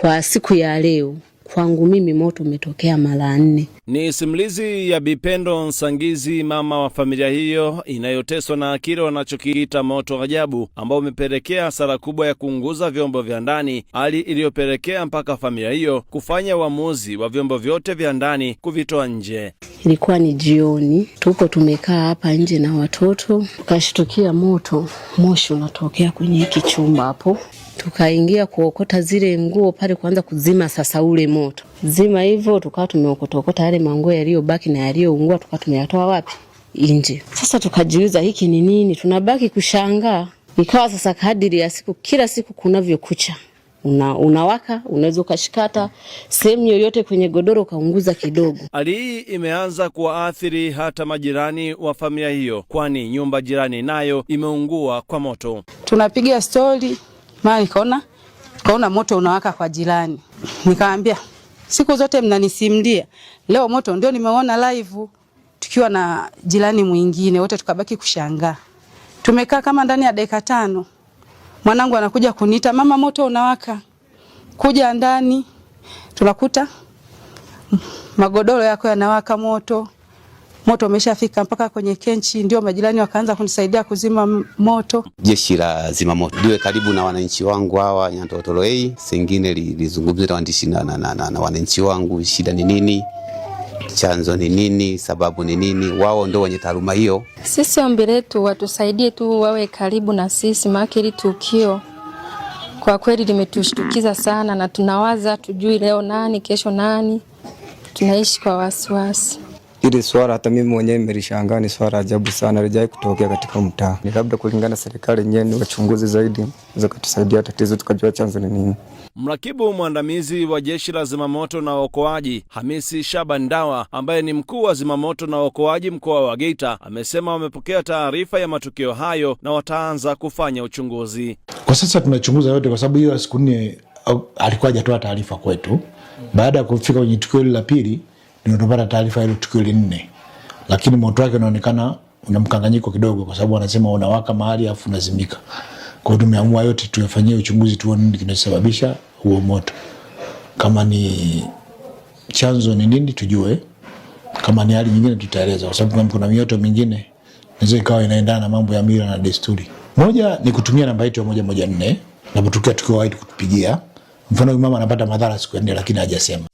Kwa siku ya leo kwangu mimi moto umetokea mara nne. Ni simulizi ya Bipendo Nsangizi, mama wa familia hiyo inayoteswa na kile wanachokiita moto ajabu, ambao umepelekea hasara kubwa ya kuunguza vyombo vya ndani, hali iliyopelekea mpaka familia hiyo kufanya uamuzi wa vyombo vyote vya ndani kuvitoa nje. Ilikuwa ni jioni, tuko tumekaa hapa nje na watoto, ukashitukia moto, moshi unatokea kwenye hiki chumba hapo tukaingia kuokota zile nguo pale, kuanza kuzima sasa ule moto zima. Hivyo tukawa tumeokotaokota yale manguo yaliyobaki na yaliyoungua, tukawa tumeyatoa wapi? Nje. Sasa tukajiuliza hiki ni nini, tunabaki kushangaa. Ikawa sasa kadiri ya siku, kila siku kunavyokucha Una, unawaka unaweza ukashikata sehemu yoyote kwenye godoro ukaunguza kidogo. Hali hii imeanza kuwaathiri hata majirani wa familia hiyo, kwani nyumba jirani nayo imeungua kwa moto. Tunapiga stori mara nikaona kaona moto unawaka kwa jirani, Nikamwambia siku zote mnanisimdia, leo moto ndio nimeona live tukiwa na jirani mwingine, wote tukabaki kushangaa. Tumekaa kama ndani ya dakika tano, mwanangu anakuja kuniita, mama, moto unawaka, kuja ndani, tunakuta magodoro yako yanawaka moto, moto umeshafika mpaka kwenye kenchi, ndio majirani wakaanza kunisaidia kuzima moto. Jeshi la zimamoto liwe karibu na wananchi wangu hawa Nyantorotoroei, sengine lizungumze na waandishi na, na, na, na, na wananchi wangu, shida ni nini chanzo ni nini? Sababu ni nini? Wao ndio wenye taaluma hiyo. Sisi ombi letu watusaidie tu, wawe karibu na sisi, maana tukio kwa kweli limetushtukiza sana, na tunawaza tujui leo nani, kesho nani, tunaishi kwa wasiwasi. Hili swala hata mimi mwenyewe nimelishangaa, ni swala ajabu sana, halijawahi kutokea katika mtaa. Ni labda kulingana serikali yenyewe ni wachunguzi zaidi, za kutusaidia tatizo tukajua chanzo ni nini. Mrakibu mwandamizi wa jeshi la zimamoto na uokoaji Hamisi Shaban Ndawa, ambaye ni mkuu wa zimamoto na uokoaji mkoa wa Geita, amesema wamepokea taarifa ya matukio hayo na wataanza kufanya uchunguzi. Kwa sasa tunachunguza yote, kwa sababu hiyo siku nne alikuwa hajatoa taarifa kwetu. Baada ya kufika kwenye tukio hili la pili Nimepata taarifa hilo tukio linne, lakini moto wake unaonekana una mkanganyiko kidogo, kwa sababu wanasema unawaka mahali afu unazimika. Kwa hiyo tumeamua yote tuyafanyie uchunguzi, tuone nini kinachosababisha huo moto, kama ni chanzo ni nini tujue, kama ni hali nyingine tutaeleza, kwa sababu kuna mioto mingine inaweza ikawa inaendana na mambo ya mila na desturi. Moja ni kutumia namba yetu ya moja moja nne napotokea tukio, waidi kutupigia. Mfano, mama anapata madhara siku ya nne, lakini hajasema.